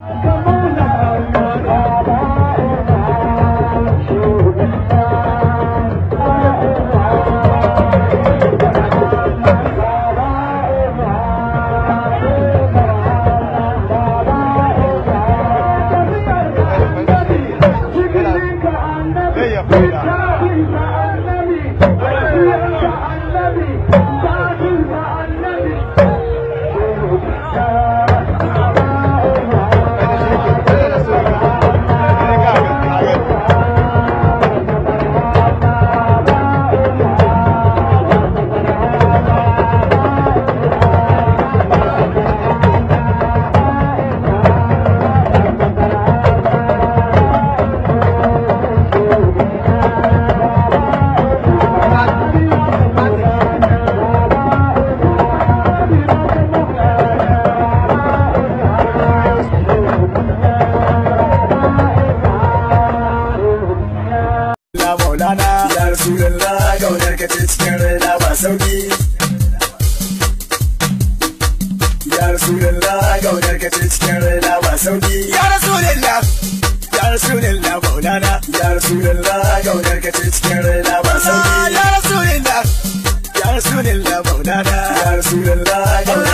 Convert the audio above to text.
Bye. ya maulana ya rasulullah kaunar ka ce cikin raina ba sauki ya rasulullah kaunar ka ce cikin raina ba sauki ya rasulullah ya rasulullah maulana ya rasulullah kaunar ka ce cikin raina ba sauki ya rasulullah ya rasulullah maulana ya rasulullah